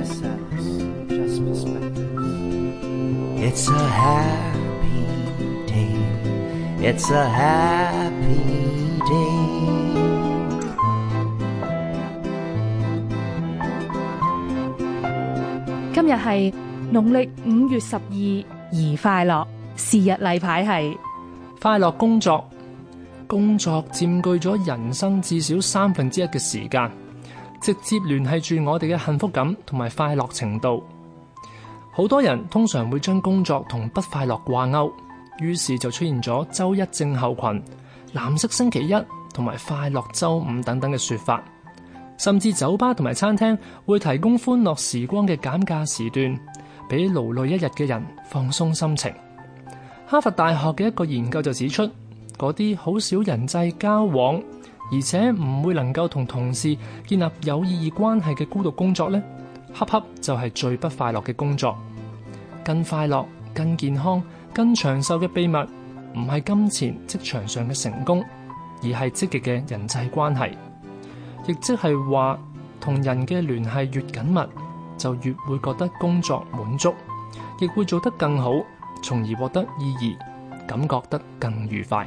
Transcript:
It's a happy day. It's a happy day. 今日係農曆五月十二，而快樂，是日例牌係快樂工作。工作佔據咗人生至少三分之一嘅時間。直接聯繫住我哋嘅幸福感同埋快樂程度，好多人通常會將工作同不快樂掛鈎，於是就出現咗周一症候群、藍色星期一同埋快樂周五等等嘅說法，甚至酒吧同埋餐廳會提供歡樂時光嘅減價時段，俾勞累一日嘅人放鬆心情。哈佛大學嘅一個研究就指出，嗰啲好少人際交往。而且唔會能夠同同事建立有意義關係嘅孤獨工作呢，恰恰就係最不快樂嘅工作。更快樂、更健康、更長壽嘅秘密，唔係金錢、職場上嘅成功，而係積極嘅人際關係。亦即係話，同人嘅聯繫越緊密，就越會覺得工作滿足，亦會做得更好，從而獲得意義，感覺得更愉快。